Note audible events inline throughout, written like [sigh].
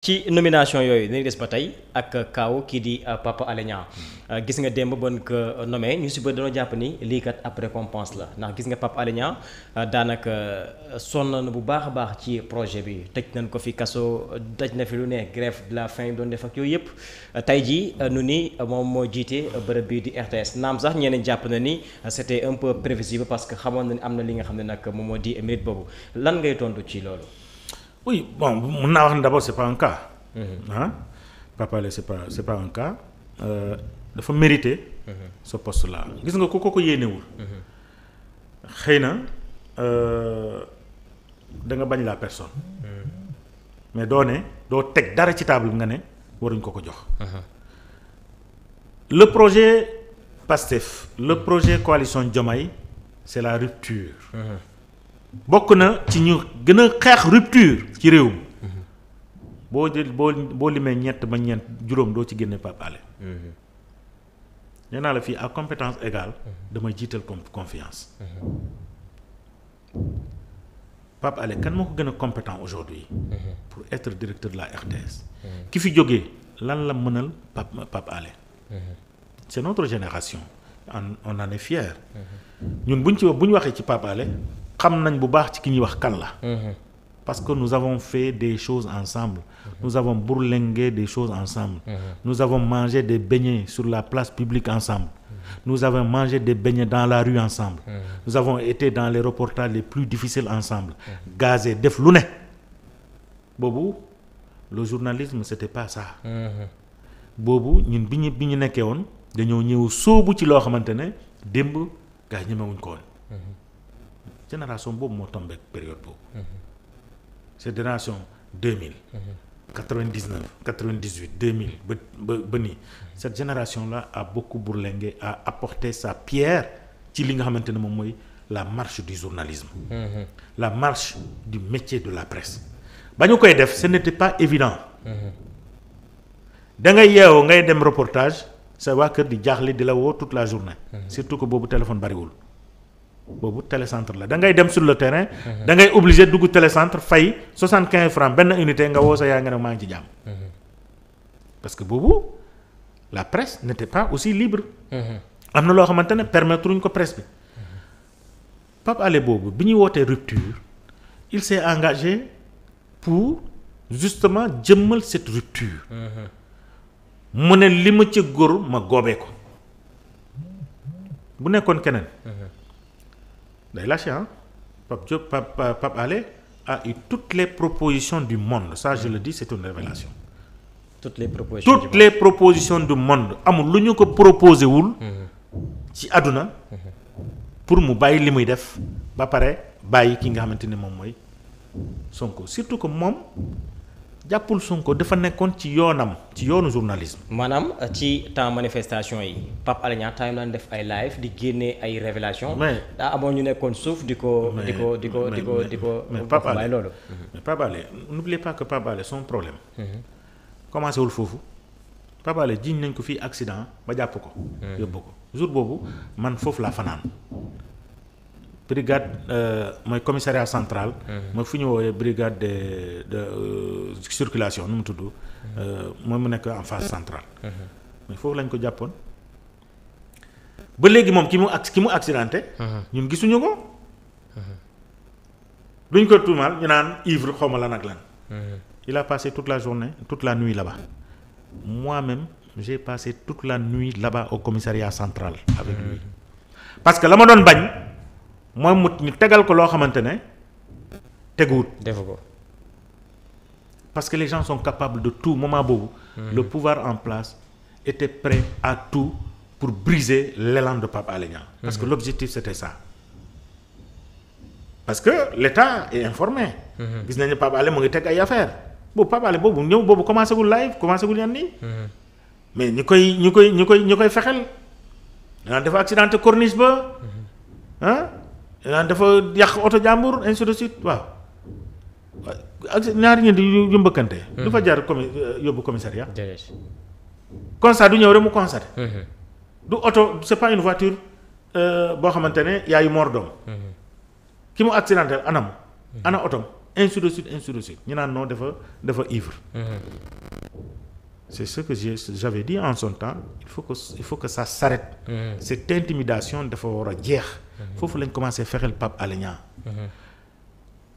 ci nomination yooyu dañuy des ba tey ak kaaw kii di euh, Papa Alé hmm. euh, gis nga démb bon ko nommé ñu si ba dañoo jàpp ni lii kat ab récompense la ndax gis nga Papa Alé Niang euh, daanaka sonn na bu baax a baax ci projet bi tëj nañ ko fi kaso daj na fi lu ne grève de la faim doon def ak yooyu yëpp tey jii nu ni moom moo jiite bërëb bii di RTS naam sax ñeneen jàpp na ni c'était un peu prévisible parce que xamoon na ni am na li nga xam ne nag moom moo di mérite boobu lan ngay tontu ci loolu. oui bon mun naa wax ne d' abord c' est pas un cas. ah mm-hmm. Pape Alé c' pas un cas euh, dafa mérité. Mm-hmm. ce post là gis nga ku ko ko yéenewul. Mm-hmm. xëy na euh, da nga bañ la personne. mais doo ne doo teg dara ci table nga ne waruñ ko ko jox. Uh-huh. le projet PASTEF le projet coalition jomay c' est la rupture. bokk na ci ñu gën a xeex rupture ci réew mi boo jël boo boo limee ñett ba ñeent juróom doo ci génne Pape Alé nee naa la fii à compétence égale damay jiital confiance Pape Alé kan moo ko gën a compétent aujourd'hui pour être directeur la RTS ki fi jógee lan la mënal Pape Pape Alé c'est notre génération on en est fier ñun buñ ci bu ñu waxee ci Pape xam nañ bu baax ci ki ñuy wax kan la. Mhm. parce que nous avons fait des choses ensemble. Mhm. nous avons bourlingué des choses ensemble. Mhm. nous avons mangé des beignets sur la place publique ensemble. nous avons mangé des beignets dans la rue ensemble. nous avons été dans les reportages les plus difficiles ensemble. gazé def lu ne. boobu le journalisme c'était pas ça. boobu ñun bi ñu bi ñu nekkee woon dañoo ñëw sóobu ci loo xamante ne démb gaa ñemewuñ ko woon. génération boobu moo tombé période boobu. Mhm. c'est génération 2000. 99 98 2000 ba ba ba nii cette génération là a beaucoup bourlingué a apporté sa pierre ci li nga xamante ne moom mooy la marche du journalisme. Mhm. la marche du métier de la presse. ba ñu koy def ce n'était pas évident. Mhm. da ngay yeewoo ngay dem reportage sa waa kër di jaaxle di la woo toute la journée. surtout que boobu téléphone bariwul. boobu télécentre la dangay dem sur le terrain. da ngay obligé dugg télécentre fay soixante quinze francs benn unité nga woo sa yaay nga ne maa ngi ci jàmm. parce que boobu la presse n'était pas aussi libre. am na loo xamante ne permettre wuñ ko presse bi. Pape boobu bi ñuy wootee rupture il s'est engagé pour justement jëmmal cette rupture. mu ne li ma ci góor ma góobee ko bu nekkoon keneen. day lâché ah Pape Diop Pape Pape Alé a eu toutes les propositions du monde ça je le dis c'est une révélation toutes les propositions toutes du les monde. propositions du amul lu ñu ko proposé wul. Mm-hmm. ci àdduna. Mm-hmm. pour mu bàyyi li muy def ba pare bàyyi ki nga xamante ne moom mooy Sonko surtout que moom. jàppul Sonko dafa nekkoon ci yoonam ci yoonu journalisme. maanaam euh, ci temps manifestation yi Pape Alé Niang def ay live di génne ay révélation mais amoon ñu nekkoon suuf di ko. di ko di ko di ko di ko. mais Pape Alé loolu. mais Pape son problème. Mhm. commencé wul foofu Pape Alé nañ ko fii accident ba jàpp ko. Mhm. yóbbu ko jour boobu man foofu laa fanaan. brigade euh, mooy commissariat central. Mhm. mooy fu ñu woowee brigade de de euh, circulation nu mu tudd. Euh, moom mu nekk en phase centrale. Mhm. mais foofu lañ ko jàppoon ba léegi moom ki mu ac ki mu accidenté. Mhm. ñun gisuñu ko. duñ ko tuumaal ñu naan ivre xaw ma lan ak lan. il a passé toute la journée toute la nuit là-bas moi-même j'ai passé toute la nuit là-bas au commissariat central. avec lui parce la ma doon bañ. moom mu ñu tegal ko loo xamante ne teguwut. defu ko parce que les gens sont capables de tout moment boobu. Hmm. le pouvoir en place était prêt à tout pour briser l'élan de Pape Alé Niang. parce que hmm. l'objectif c'était ça. parce que l'État est informé. Hmm. gis nañu Pape Alé mu ngi teg ay affaire boobu Pape boobu ñëw boobu commencé gul live commencé gul yan nii. mais ñu koy ñu koy ñu koy ñu koy fexel. dafa accidenté corniche ba. naan dafa yàq oto jàmbur ainsi de suite waaw ak ñaari ñeent yu mbëkkante hmm. du fa jar commi euh, yóbbu commissariat constat du ñëw rek mu constaté hmm. du oto c'est pas euh, boo xamante ne yaayu mor doom hmm. ki mu accidenté anam ana otom ainsi de ñu naan non dafa dafa ivre c'est ce que j'avais dit en son temps il faut que il faut mmh. cette intimidation dafa war a jeex mmh. foofu lañ commencé fexel Pape Alé Niang mmh.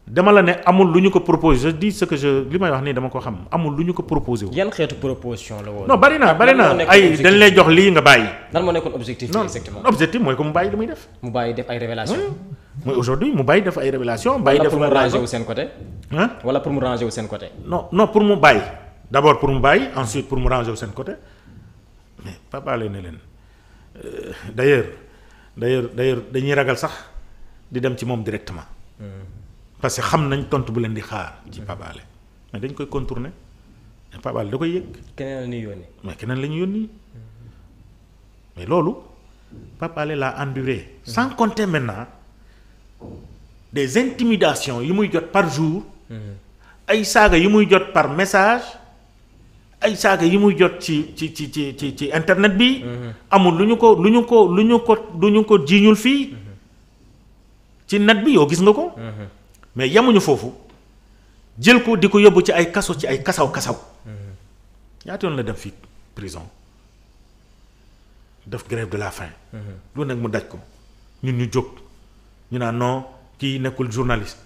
dama la ne amul lu ñu ko proposé je dis ce que je li may wax nii dama ko xam amul lu ñu ko proposé wu. yan xeetu proposition la woon. non bari na bari na ay dañ lay jox lii nga bàyyi. lan moo nekkoon objectif bi exactement objectif mooy ko mu bàyyi li muy def. mu bàyyi def ay révélation mooy aujourd'hui mu bàyyi def ay révélation bàyyi def. mu ranger wu seen côté. seen côté. d' abord pour mu bàyyi ensuite pour mu ranger seen côté mais papaale ne leen d' ailleurs d' dañuy ragal sax di dem ci moom directement. Hmm. parce que xam nañ tontu bu leen di xaar. ci hmm. papaale mais dañ koy contourner mais papaale da koy yëg. keneen la ñuy yónni. mais keneen la yónni mais loolu papaale laa enduré. Hmm. sans compter maintenant des intimidations yu muy jot par jour. ay saaga yu muy jot par message. ay saaga yi muy jot ci ci ci ci ci ci internet bi. Mm-hmm. amul lu ñu ko lu ñu ko lu ñu ko lu ko jiiñul fii mm-hmm. ci net bi yow gis nga ko. Mm-hmm. mais yamuñu foofu jël ko di ko yóbbu ci ay kaso ci ay kasaw kasaw. ñaata yoon la dem fii prison def grève de la faim. lu nekk mu daj ko ñun ñu jóg ñu naan non kii nekkul journaliste.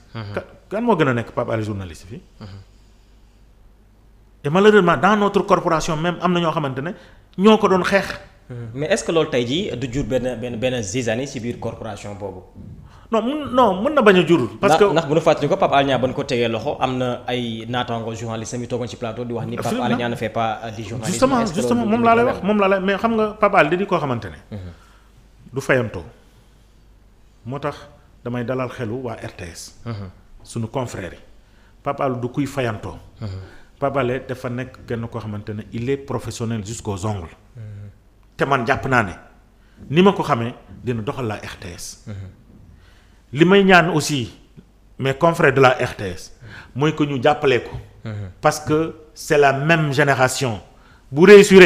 kan moo gën a nekk Pape Alé journaliste fii. te malheureusement dans notre corporation même am na ñoo xamante ne ñoo ko doon xeex. mais est-ce loolu tey jii du jur benn benn benn zizanie ci biir corporation boobu. non mun non mun na bañ a jur. parce que ndax bu ñu fàttali ko Pape Alé Niang ba ñu ko tegee loxo am na ay naataango journaliste mi toogoon wax ni. Pape Alé Niang ne fait pas euh, du journalisme. justement justement moom laa lay wax moom laa lay mais xam nga Pape Alé di koo xamante ne. Mhm. du fayantoo moo tax damay dalal xelu waa RTS. Mhm. suñu confrères yi Pape du kuy fayantoo. Mhm. Pabale dafa nekk kenn koo xamante ne il est professionnel jusqu'aux ongles mm-hmm. te man jàpp naa ne ni ma ko xamee dina doxal la RTS. Mm-hmm. li may ñaan aussi mais confrères de la RTS mm-hmm. mooy que ñu jàppale ko. parce que c'est la même génération bu réussir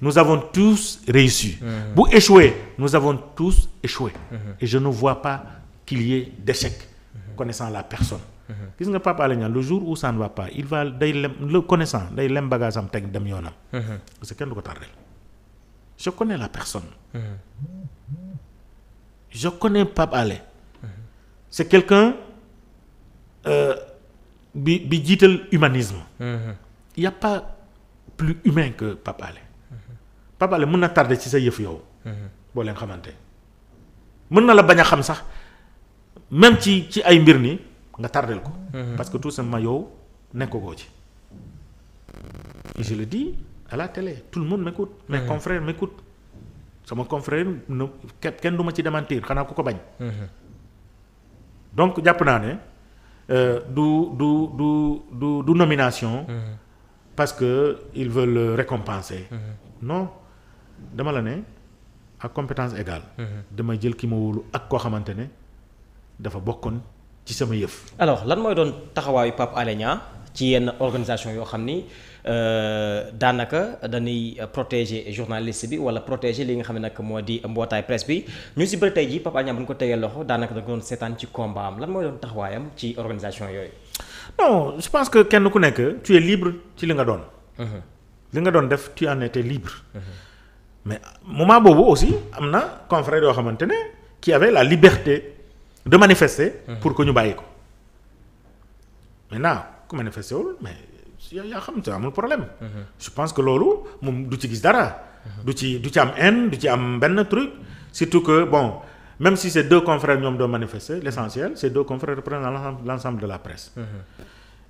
nous avons tous réussi. bu échoué nous avons tous échoué. et je ne vois pas qu'il y d'échec connaissant la personne. Mhm. gis nga Pape Alé le jour ou san ne va il va day lem le connaissant day lem bagage am teg dem yoonam. Mhm. parce que kenn du ko tardé je connais la personne. Mhm. je connais Pape est quelqu'un euh, bi bi jiital humanisme. il y a pas plus humain que Pape Alé. mën na tardé ci sa yëf yow. boo leen xamante mën na la bañ a xam sax même ci ci ay mbir nii nga tardel ko. Mhm. parce que tout simplement yow koo ci. je le dis à tout le monde m'écoute. mes mm -hmm. confrères sama confrère kenn duma ci démentir xanaa ku ko bañ. Mhm. donc jàpp naa ne euh, du du du du du nomination. Mhm. parce que ils veulent récompenser. non dama la ne ak compétence égale. dama jël ki ma wóolu ak koo xamante ne dafa bokkoon ci sama yëf. alors lan mooy doon taxawaayu Pape Alé Niang ci yenn organisation yoo xam ni euh, daanaka dañuy protéger journaliste bi wala protéger li nga xam ne nag moo di mbootaay presse bi ñu si bëri tey jii Pape Alé Niang bu ñu ko tegee loxo daanaka da nga doon seetaan ci combat am lan mooy doon taxawaayam ci organisation yooyu. non je pense que kenn ku nekk tu es libre ci li nga doon. Mhm. li nga doon def tu en étais libre. Mhm. mais moment boobu aussi am na confrère yoo xamante ne qui avait de manifester. Mhm. pour que ñu bàyyi ko maintenant ku manifester wul mais yaa xam te amul problème. Mhm. je pense que loolu moom du ci gis dara. Mhm. du ci du ci am haine du ci am benn truc surtout que bon même si ces deux confrères ñoom doon manifester l'essentiel ces deux confrères représentent l'ensemble de la presse.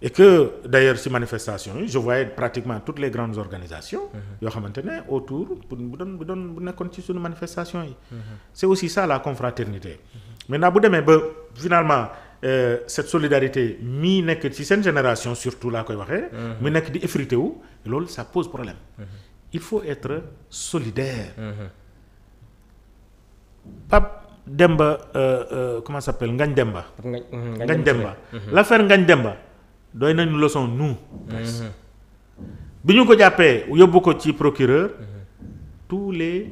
et que d'ailleurs si manifestation yi je voyais pratiquement toutes les grandes organisations yoo xamante ne autour bu doon bu doon bu nekkoon ci suñu manifestation yi c'est aussi ça la confraternité naa bu demee ba finalement euh, cette solidarité mi nekk ci seen génération surtout laa koy waxee. mu mhm. nekk di effrité wu loolu ça pose problème. Mhm. il faut être solidaire. Mhm. Pape Demba euh, euh, comment ça s'appelle Ngagne Demba. Ngagne Demba l'affaire Ngagne Demba dooy nañu leçon nous. bi ñu ko jàppee yóbbu ko ci procureur. tous les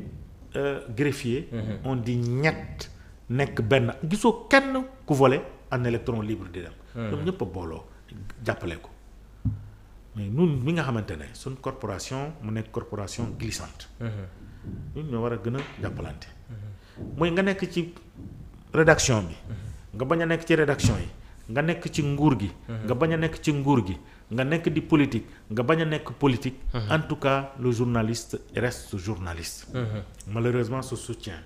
euh, greffiers. on dit ñett. nekk benn gisoo kenn ku volé en électron libre di dem. Hmm. ñoom ñëpp booloo jàppale ko mais ñun mi nga xamante ne suñ corporation mu nekk corporation glissante. Hmm. ñun ñoo war a gën a jàppalante. Hmm. mooy nga nekk ci rédaction bi. nga bañ a nekk ci rédaction yi. nga nekk ci nguur gi. nga bañ a nekk ci nguur gi nga nekk di politique nga bañ a nekk politique. en tout cas le journaliste su journaliste. malheureusement ce soutien.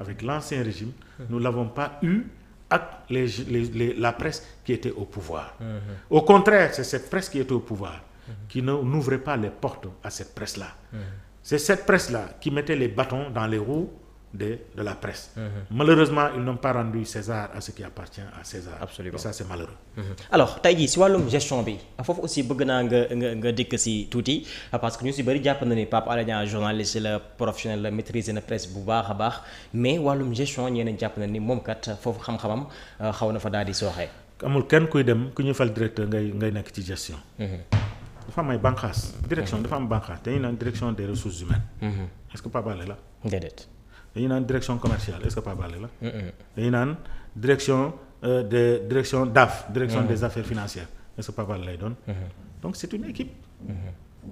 avec l'ancien régime nous l'avons pas eu ak les, les les la presse qui était au pouvoir uh-huh. au contraire c'est cette presse qui était au pouvoir qui n'ouvrait pas les portes à cette presse-là uh-huh. c'est cette presse-là qui mettait les bâtons dans les roues de de la presse. Mmh. malheureusement ils n'ont pas rendu César à ce qui appartient à César. absolument et ça mhm. tey jii si wàllum gestion bi foofu aussi bëgg naa nga nga nga dikk si tuuti parce que ñu si bëri jàpp na ni Pape Alé Niang journaliste la professionnel la maîtriser na presse bu baax a baax mais wàllum gestion ñeneen jàpp na ni moom kat foofu xam-xamam euh, xaw na fa daal di sooxee. amul kenn kuy dem ku ñu fal directeur ngay ngay nekk ci gestion. Mhm. dafa am ay bànqaas. direction dafa am bànqaas dañuy naan direction des ressources dañu naan direction commerciale est-ce que Pape Alé la. dañu naan direction euh, de direction DAF. direction mm-hmm. des affaires financières est-ce que Pape Alé lay doon. Mm-hmm. donc c'est une équipe. Mm-hmm.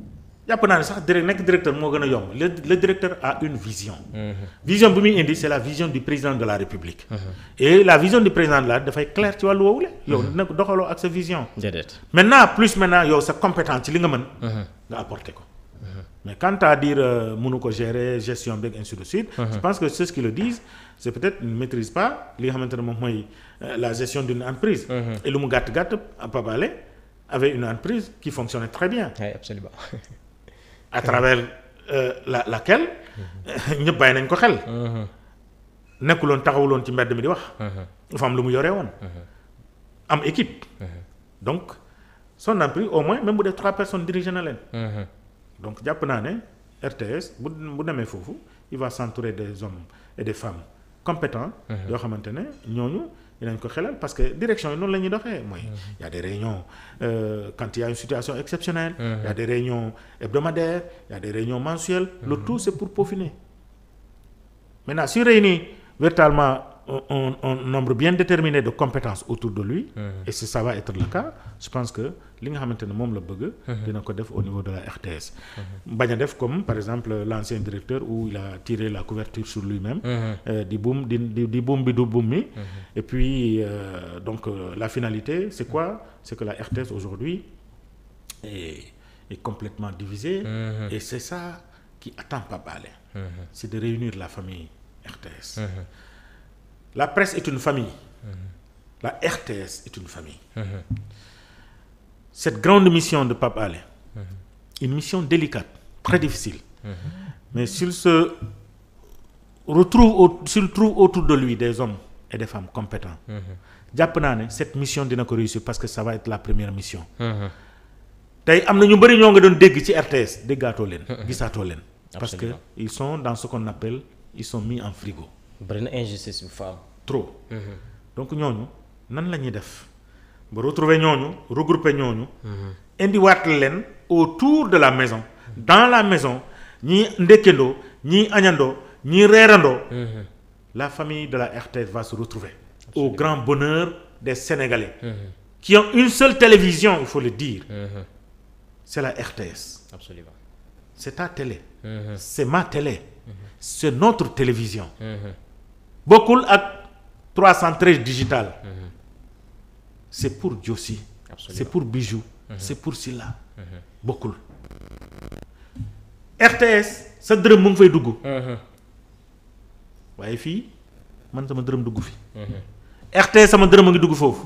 jàpp naa ne sax direct nekk directeur moo gën a yomb le le directeur a une vision. vision bu muy indi c'est la vision du président de la République. et la vision du président de la dafay clair ci wàllu woowu la. yow dina doxaloo ak sa vision. maintenant plus maintenant yow sa compétence ci li nga mën. nga apporter ko. mais quant à dire euh, mënu ko gérer gestion beeg ainsi de suite uh-huh. je pense que ceux qui le disent c'est peut-être ne pas li nga xamante moom mooy euh, la gestion d'une entreprise uh-huh. et lu mu gàtt-gàtt Pape Alé avait une entreprise qui fonctionnait très bien absolument [laughs] à travers euh, la laquelle uh-huh. ñëpp bàyyi nañ ko xel nekkuloon taxawuloon ci mbedd mi di wax dafa lu mu yore woon am équipe donc son entreprise au moins même bu def trois personnes dirigé donc jàpp naa ne RTS bu bu demee foofu il va s'entourer des hommes et des femmes compétents. Mhm. yoo xamante ne ñooñu dinañ ko xelal parce que direction yi noonu la ñuy doxee mooy. Mhm. y a des réunions euh, une situation exceptionnelle. il mhm. y a des réunions hebdomadaires il y a le tout c'est pour peaufiner maintenant si réunit véritablement un, un nombre bien déterminé de compétence autour de lui. Mhm. et si ça va être le je pense que li nga xamante ne moom la bëgg. Mhm. dina ko def au niveau de la RTS. Mhm. bañ a def comme par exemple l'ancien directeur où il a tiré la couverture sur lui-même. Euh, di boom di di boom bi du buum mi. et puis euh, donc euh, la finalité c'est quoi c'est que la RTS aujourd'hui est est complètement divisée. et c'est ça qui attend Pape Alé. c'est de réunir la famille RTS. la presse est une famille. la RTS est une famille. cette grande mission de Pape Alé. une mission délicate très difficile. mais s'il se retrouve s'il trouve autour de lui des hommes et des femmes compétents. jàpp naa ne cette mission dina ko réussir parce que ça va être la première mission. tey am na ñu bëri ñoo nga doon dégg ci RTS déggaatoo leen. gisaatoo leen. parce que ils sont dans ce qu'on appelle ils sont mis en frigo. bari na injustice bu fa am. trop. Mhm. donc ñooñu nan la ñuy def ba retrouver ñooñu regrouper ñooñu. Mhm. indiwaat leen autour de la maison. dans la maison ñii ndekkendoo ñii añandoo ñii reerandoo. Mhm. la famille de la RTS va se retrouver au grand bonheur des Sénégalais. Mmh. qui ont une seule télévision il faut le dire. Mmh. c'est la RTS. Absolument. c'est ta télé. Mmh. c'est ma télé. c'est notre télévision. bokkul ak trois cent 313 digital. c' est pour Diossi. c' est pour Bijou. Mhm. c' est pour Silla. Mhm. bokkul RTS sa dërëm mu ngi fay dugg. Mhm. waaye fii man sama dërëm dugg fi. RTS sama dërëm a ngi dugg foofu.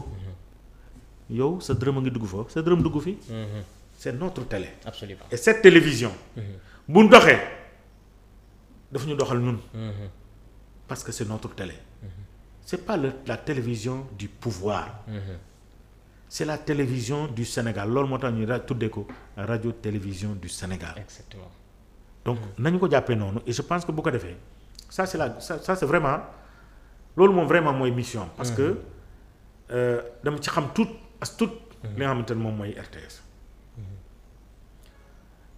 yow sa dërëm a ngi dugg foofu sa dërëm dugg fi. c' est notre télé. absolument et cette télévision. bu ñu doxee ñu doxal ñun. parce que c'est notre télé. c'est pas le, la télévision du pouvoir. c'est la télévision du Sénégal loolu moo tax ñuy ra tuddee ko radio télévision du Sénégal. exactement donc nañu ko jàppee noonu je pense que bu ko defee ça c'est la ça loolu moom vraiment mooy mission. parce que euh, dama ci xam tout as tout. li nga xamante ne moom mooy RTS.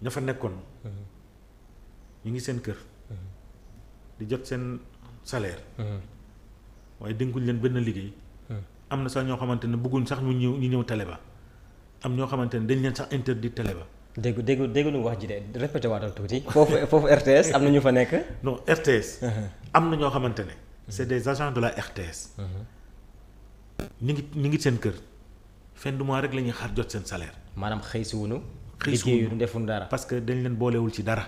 ña fa nekkoon. Mhm. ñu ngi seen kër. di jot seen. salaire. Hmm. waaye dénkuñ leen benn liggéey. Hmm. am na sax ñoo xamante ne bëgguñ sax ñu ñëw ñu ñëw télé ba am ñoo xamante ne dañ leen sax interdit télé ba. dégg déggu déggu nu wax ji de répété waatal tuuti. foofu [laughs] foofu RTS am na ñu fa nekk. non RTS. Hmm. am na ñoo xamante ne. c'est des agents de la RTS. ñu ngi ñu ngi seen kër. fin du rek la ñuy xaar jot seen salaire. maanaam xëy si wuñu. xëy si wuñu liggéeyu defuñu dara. parce que dañ leen boolewul ci dara.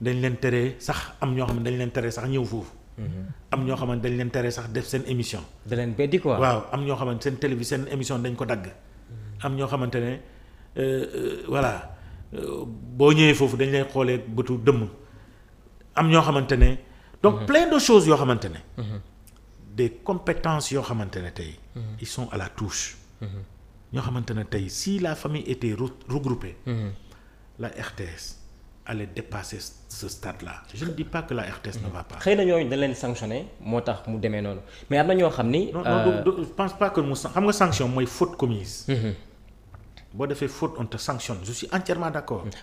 dañ leen tere sax am ñoo xam ne dañ leen tere sax ñëw foofu. Mhm. am ñoo xamante dañ leen tere sax def seen émission. da leen beddi ñoo xamante seen télévision seen émission dañ ko dagg. Mhm. am xamante ne euh, euh, voilà euh, boo ñëwee foofu dañ lay xoolee bëtu dëmm. ñoo xamante ne. donc mhm. plein de choses yoo xamante ne. des compétences yoo xamante ne tey. ils sont à ñoo xamante ne tey si la famille était regroupée. la RTS. aller dépasser ce stade-là je ne dis que la RTS ne na ñooñu moo tax mu demee noonu mais am ñoo xam ni. non non euh, je pense pas que mu xam mooy faute commise. Mhm. boo defee faute on te sanctionne je suis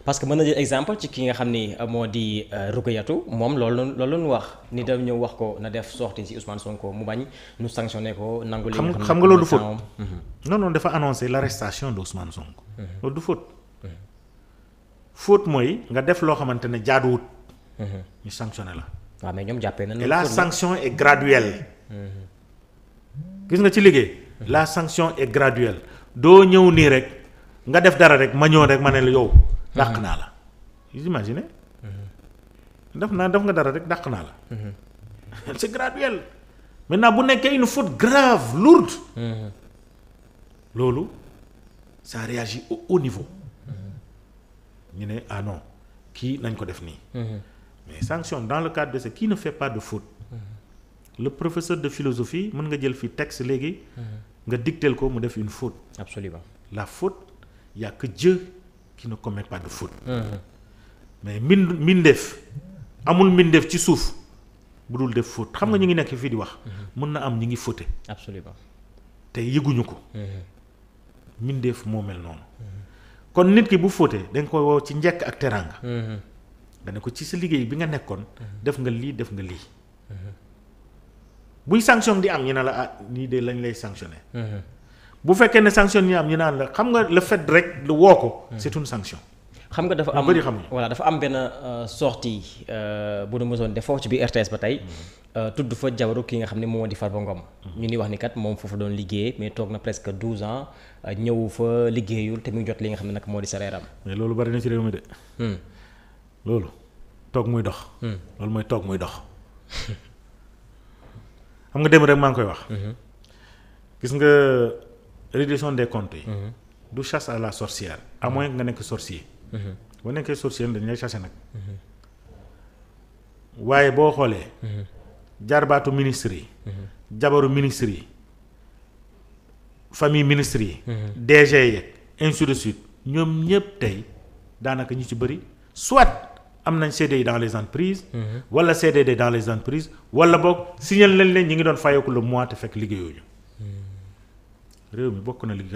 parce que mën na jël exemple ci ki nga xam ni euh, moo di euh, Rukayatu moom loolu loolu la ñu wax ni dañu ñëw wax ko na def sortie ci Ousmane Sonko mu bañ ñu sanctionné ko nangu. li nga xam nga loolu du faute mhm. non non dafa annoncé l'arrestation de Ousmane Sonko. Mhm. faute mooy nga def loo xamante ne jaaduwut. Mhm. ñu sanctionné la. waaw ah, mais ñoom jàppee nañ la la sanction est graduelle. gis nga ci liggéey. Mhm. la sanction est graduelle doo ñëw nii rek nga def dara rek ma ñëw rek ma ne la yow. Mhm. dàq naa la vous imaginez. naa def nga dara rek dàq naa la. [laughs] c'est graduel maintenant bu nekkee une faute grave lourde. loolu ça réagit au haut niveau. ñu ne ah non kii nañ ko def nii. Mhm. mais sanction dans le cadre de ce qui ne fait pas de faute. Mhm. le professeur de philosophie mën nga jël fi texte léegi. Mhm. nga dictel ko mu def une faute. absolument la faute y jë que Dieu qui ne pas de faute. mais min mbindeef amul mbindeef ci suuf bu dul def faute xam nga ñu ngi nekk fii di wax. mën na am ñu ngi faute. absolument te yëguñu ko. mbindeef moo mel noonu. kon nit ki bu fóotee dañ koy wow ci njekk ak teraanga. Mhm. nga ne ko ci sa liggéey bi nga nekkoon. Mhm. def nga lii def nga lii. Mhm. buy sanction di am ñu ne la ah ñii de lañ lay sanctionné. bu fekkee ne sanction yi am ñu naan la xam nga le fait rek lu woo ko. c'est une sanction. xam nga dafa am voilà dafa am benn euh, sortie euh, bu nu mosoon def foofu ci bi RTS ba tey mhm. euh, tudd fa jabaru ki nga xam ne moo di Farba Ngom mhm. ñu ni wax ni kat moom foofu doon liggéey mais toog na presque 12 a ñëwu fa liggéeyul te mu jot li nga xam ne nag moo di salaire am loolu bari na ci réew mi de hmm. loolu toog muy dox hmm. loolu mooy toog muy dox xam nga démb rek maa ngi koy wax mhm. gis nga reddition des comptes yi du chasse à la sorcière à moins nga nekk sorcier Mm-hmm. boo nekkee sorcière dañ lay chasser nag. Mm-hmm. waaye boo xoolee. Mm-hmm. jarbaatu ministre yi. jabaru ministre yi. famille ministre yi. DG yeeg ainsi de suite ñoom ñëpp tey daanaka ñu ci bëri soit am nañ CDI dans les entreprises. wala CDD dans les entreprises wala boog signal nañ leen ñi ngi doon fayeeku le mois te fekk liggéeyooñu réew mi bokk na li ko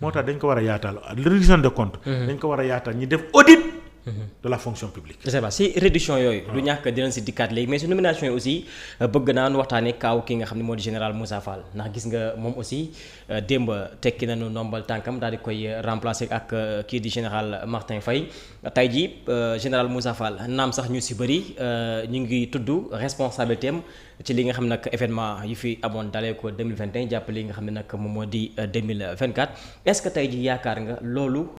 moo tax dañ ko war a yaatal révision de compte. dañ ko war a yaatal ñi def audit. de la fonction publique. c'est vrai si réduction yooyu. du ñàkk dinañ si dikkaat léegi mais si nomination yi aussi euh, bëgg naa nu waxtaanee kaaw ki nga xam ne moo di général Moussa Fall ndax gis nga moom aussi euh, démb tekki nañu ndombal tànkam daal di koy euh, remplacer ak kii di général Martin fay tey jii général Moussa Fall naam sax ñu si bëri ñu ngi tudd responsabilité am ci li nga xam nag événement yi fi amoon dalee ko 2021 jàpp li nga xam ne nag moom moo di 2024 est-ce que tey jii yaakaar nga loolu.